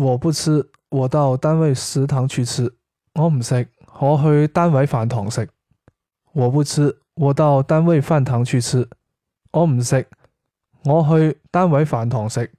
我不吃，我到單位食堂去吃。我唔食，我去單位飯堂食。我不吃，我到單位飯堂去吃。我唔食，我去單位飯堂食。